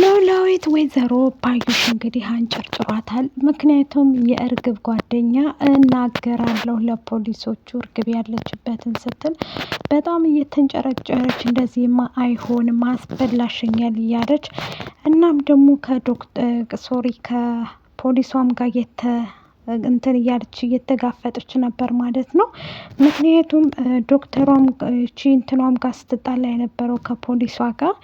ኖላዊት ወይዘሮ ባዩሽ እንግዲህ አንጨርጭሯታል። ምክንያቱም የእርግብ ጓደኛ እናገራለሁ ለፖሊሶቹ እርግብ ያለችበትን ስትል በጣም እየተንጨረጨረች እንደዚህማ አይሆን አስበላሽኛል እያለች እናም ደግሞ ከዶክተር ሶሪ ከፖሊሷም ጋር የተ እንትን እያለች እየተጋፈጠች ነበር ማለት ነው። ምክንያቱም ዶክተሯም ቺ እንትኗም ጋር ስትጣላ የነበረው ከፖሊሷ ጋር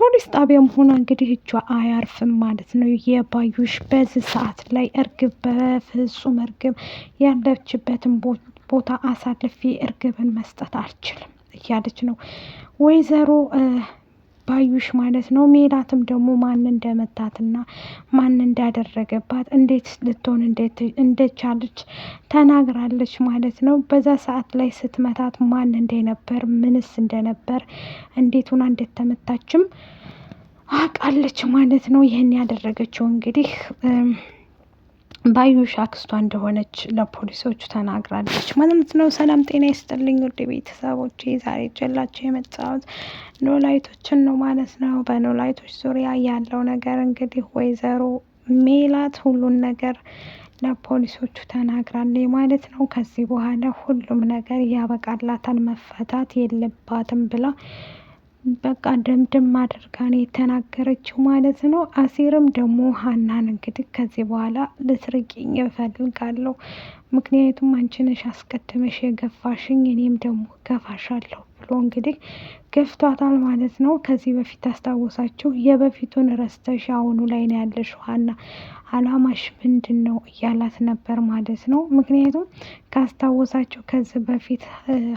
ፖሊስ ጣቢያም ሆና እንግዲህ እጇ አያርፍም ማለት ነው። የባዩሽ በዚህ ሰዓት ላይ እርግብ በፍጹም እርግብ ያለችበትን ቦታ አሳልፌ እርግብን መስጠት አልችልም እያለች ነው ወይዘሮ ባዩሽ ማለት ነው። ሜላትም ደግሞ ማን እንደመታትና ማን እንዳደረገባት እንዴት ልትሆን እንደቻለች ተናግራለች ማለት ነው። በዛ ሰዓት ላይ ስትመታት ማን እንደነበር ምንስ እንደነበር እንዴት ሆና እንደተመታችም አውቃለች ማለት ነው። ይህን ያደረገችው እንግዲህ ባዩሽ አክስቷ እንደሆነች ለፖሊሶቹ ተናግራለች ማለት ነው። ሰላም ጤና ይስጥልኝ ውድ ቤተሰቦች፣ ዛሬ ጀላቸው የመጣሁት ኖላይቶችን ነው ማለት ነው። በኖላይቶች ዙሪያ ያለው ነገር እንግዲህ ወይዘሮ ሜላት ሁሉን ነገር ለፖሊሶቹ ተናግራለች ማለት ነው። ከዚህ በኋላ ሁሉም ነገር ያበቃላታል፣ መፈታት የለባትም ብላ በቃ ደምድም አድርጋ ነው የተናገረችው ማለት ነው። አሴርም ደግሞ ሀናን እንግዲህ ከዚህ በኋላ ልትርቂኝ እፈልጋለሁ ምክንያቱም አንቺ ነሽ አስቀድመሽ የገፋሽኝ እኔም ደግሞ ገፋሻለሁ ብሎ እንግዲህ ገፍቷታል ማለት ነው። ከዚህ በፊት ታስታውሳችሁ የበፊቱን ረስተሽ አሁኑ ላይ ነው ያለሽ ሀና አላማሽ ምንድን ነው እያላት ነበር ማለት ነው። ምክንያቱም ካስታወሳችሁ ከዚህ በፊት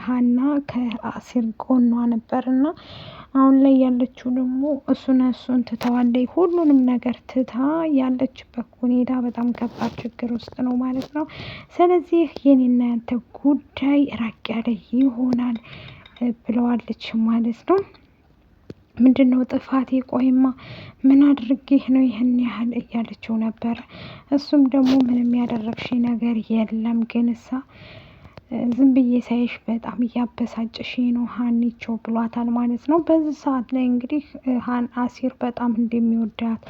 ሀና ከአሲር ጎኗ ነበር እና አሁን ላይ ያለችው ደግሞ እሱን እሱን ትተዋለይ ሁሉንም ነገር ትታ ያለችበት ሁኔታ በጣም ከባድ ችግር ውስጥ ነው ማለት ነው። ስለዚህ የኔና ያንተ ጉዳይ ራቅ ያለ ይሆናል ብለዋለች ማለት ነው። ምንድን ነው ጥፋቴ? ቆይማ ምን አድርጌህ ነው ይህን ያህል እያለችው ነበረ። እሱም ደግሞ ምንም ያደረግሽ ነገር የለም ግን እሳ ዝም ብዬ ሳይሽ በጣም እያበሳጨሽ ነው ሀኒቾ ብሏታል ማለት ነው። በዚህ ሰዓት ላይ እንግዲህ ሀን አሲር በጣም እንደሚወዳት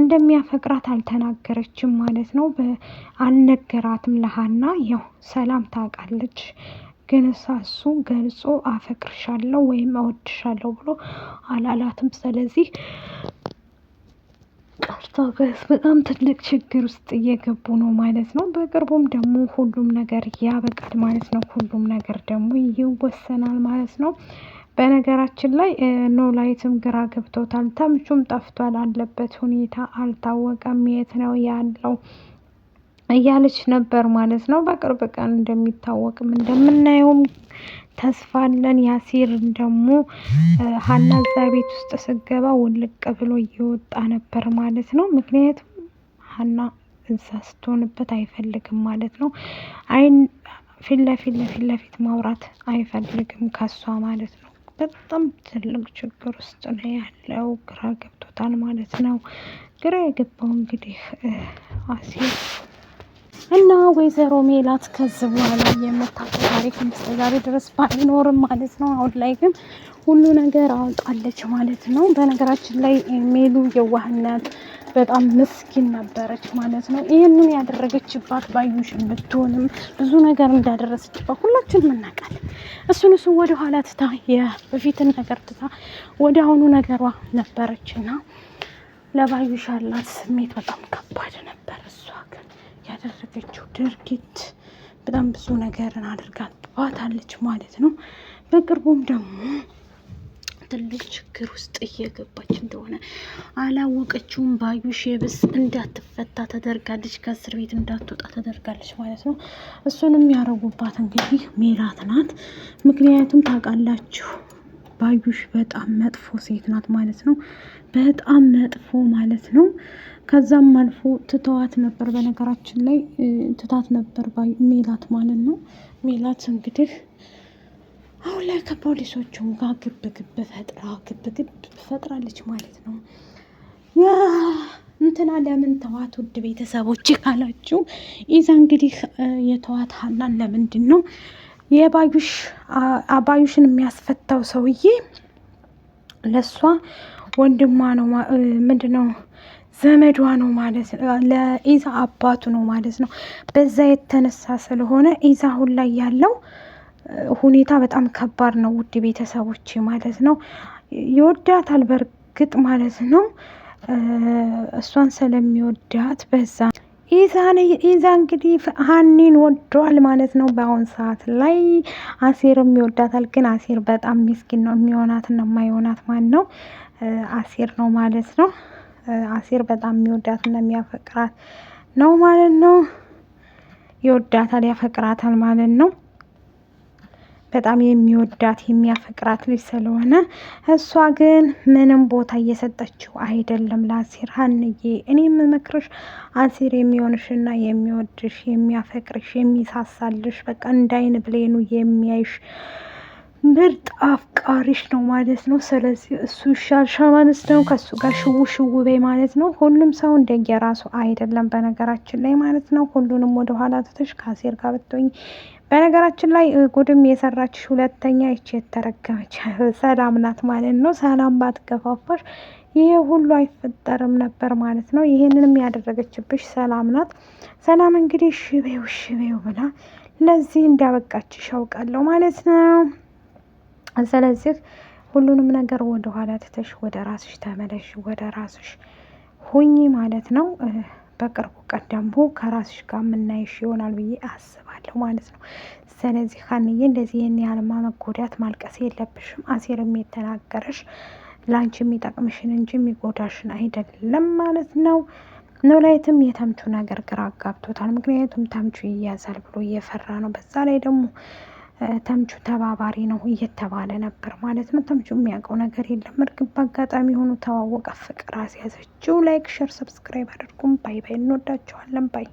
እንደሚያፈቅራት አልተናገረችም ማለት ነው። አልነገራትም ለሀና ያው ሰላም ታውቃለች። ግን እሳ እሱ ገልጾ አፈቅርሻለሁ ወይም እወድሻለሁ ብሎ አላላትም። ስለዚህ ሩታ ጋዝ በጣም ትልቅ ችግር ውስጥ እየገቡ ነው ማለት ነው። በቅርቡም ደግሞ ሁሉም ነገር ያበቃል ማለት ነው። ሁሉም ነገር ደግሞ ይወሰናል ማለት ነው። በነገራችን ላይ ኖላዊትም ግራ ገብቶታል። ተምቹም ጠፍቷል። አለበት ሁኔታ አልታወቀም። የት ነው ያለው እያለች ነበር ማለት ነው። በቅርብ ቀን እንደሚታወቅም እንደምናየውም ተስፋ አለን። ያሲር ደግሞ ሀና እዛ ቤት ውስጥ ስገባ ውልቅ ብሎ እየወጣ ነበር ማለት ነው። ምክንያቱም ሀና እዛ ስትሆንበት አይፈልግም ማለት ነው። አይን ፊት ለፊት ለፊት ለፊት ማውራት አይፈልግም ከሷ ማለት ነው። በጣም ትልቅ ችግር ውስጥ ነው ያለው። ግራ ገብቶታል ማለት ነው። ግራ የገባው እንግዲህ አሲር እና ወይዘሮ ሜላት ከዚህ በኋላ የምታውቀው ታሪክ እስከ ዛሬ ድረስ ባይኖርም ማለት ነው። አሁን ላይ ግን ሁሉ ነገር አውጣለች ማለት ነው። በነገራችን ላይ ሜሉ የዋህነት በጣም ምስኪን ነበረች ማለት ነው። ይህንን ያደረገችባት ባዩሽ ብትሆንም ብዙ ነገር እንዳደረሰችባት ሁላችንም እናውቃለን። እሱን እሱ ወደ ኋላ ትታ የበፊትን ነገር ትታ ወደ አሁኑ ነገሯ ነበረች እና ለባዩሽ ያላት ስሜት በጣም ከባድ ነበር። እሷ ግን ያደረገችው ድርጊት በጣም ብዙ ነገርን አድርጋባታለች ማለት ነው። በቅርቡም ደግሞ ትልቅ ችግር ውስጥ እየገባች እንደሆነ አላወቀችውም። ባዩሽ የብስ እንዳትፈታ ተደርጋለች፣ ከእስር ቤት እንዳትወጣ ተደርጋለች ማለት ነው። እሱንም ያረጉባት እንግዲህ ሜላት ናት። ምክንያቱም ታውቃላችሁ ባዩሽ በጣም መጥፎ ሴት ናት ማለት ነው። በጣም መጥፎ ማለት ነው። ከዛም አልፎ ትተዋት ነበር። በነገራችን ላይ ትታት ነበር ሜላት ማለት ነው። ሜላት እንግዲህ አሁን ላይ ከፖሊሶቹም ጋር ግብ ግብ ፈጥራ ግብ ግብ ፈጥራለች ማለት ነው። ያ እንትና ለምን ተዋት? ውድ ቤተሰቦች ካላችሁ ኢዛ እንግዲህ የተዋት ሀናን ለምንድን ነው የባዩሽ አባዩሽን የሚያስፈታው ሰውዬ ለእሷ ወንድሟ ነው ምንድን ነው ዘመዷ ነው ማለት ነው። ለኢዛ አባቱ ነው ማለት ነው። በዛ የተነሳ ስለሆነ ኢዛ አሁን ላይ ያለው ሁኔታ በጣም ከባድ ነው። ውድ ቤተሰቦች ማለት ነው ይወዳታል በእርግጥ ማለት ነው። እሷን ስለሚወዳት በዛ ኢዛ እንግዲህ ሀኒን ወዷል ማለት ነው። በአሁን ሰዓት ላይ አሴርም ይወዳታል። ግን አሴር በጣም ሚስኪን ነው። የሚሆናት የሚሆናትና የማይሆናት ማን ነው? አሴር ነው ማለት ነው። አሴር በጣም የሚወዳት የሚወዳትና የሚያፈቅራት ነው ማለት ነው። ይወዳታል፣ ያፈቅራታል ማለት ነው። በጣም የሚወዳት የሚያፈቅራት ልጅ ስለሆነ እሷ ግን ምንም ቦታ እየሰጠችው አይደለም ለአሴር ሀንዬ እኔ የምመክርሽ አሴር የሚሆንሽና የሚወድሽ የሚያፈቅርሽ የሚሳሳልሽ በቃ እንዳይን ብሌኑ የሚያይሽ ምርጥ አፍቃሪሽ ነው ማለት ነው። ስለዚህ እሱ ይሻልሻል ማለት ነው። ከእሱ ጋር ሽው ሽው በይ ማለት ነው። ሁሉም ሰው እንደየራሱ አይደለም፣ በነገራችን ላይ ማለት ነው። ሁሉንም ወደ ኋላ ትተሽ ከአሴር ጋር ብትሆኝ በነገራችን ላይ ጉድም የሰራች ሁለተኛ ይች የተረገመች ሰላም ናት ማለት ነው። ሰላም ባትገፋፋሽ ይሄ ሁሉ አይፈጠርም ነበር ማለት ነው። ይሄንንም ያደረገችብሽ ሰላም ናት። ሰላም እንግዲህ ሽቤው ሽቤው ብላ ለዚህ እንዳበቃችሽ አውቃለሁ ማለት ነው። ስለዚህ ሁሉንም ነገር ወደኋላ ትተሽ ወደ ራስሽ ተመለሽ፣ ወደ ራስሽ ሁኚ ማለት ነው። በቅርቡ ቀን ደግሞ ከራስሽ ጋር የምናይሽ ይሆናል ብዬ አስባለሁ ማለት ነው። ስለዚህ ሀንዬ እንደዚህ ይህን ያህልማ መጎዳት ማልቀስ የለብሽም። አሴርም የተናገረሽ ለአንቺ የሚጠቅምሽን እንጂ የሚጎዳሽን አይደለም ማለት ነው። ኖላይትም የተምቹ ነገር ግራ አጋብቶታል። ምክንያቱም ተምቹ ይያዛል ብሎ እየፈራ ነው። በዛ ላይ ደግሞ ተምቹ ተባባሪ ነው እየተባለ ነበር ማለት ነው። ተምቹ የሚያውቀው ነገር የለም። እርግብ በአጋጣሚ ሆኖ ተዋወቀ፣ ፍቅር አስያዘችው። ላይክ፣ ሸር፣ ሰብስክራይብ አድርጉም። ባይ ባይ። እንወዳችኋለን። ባይ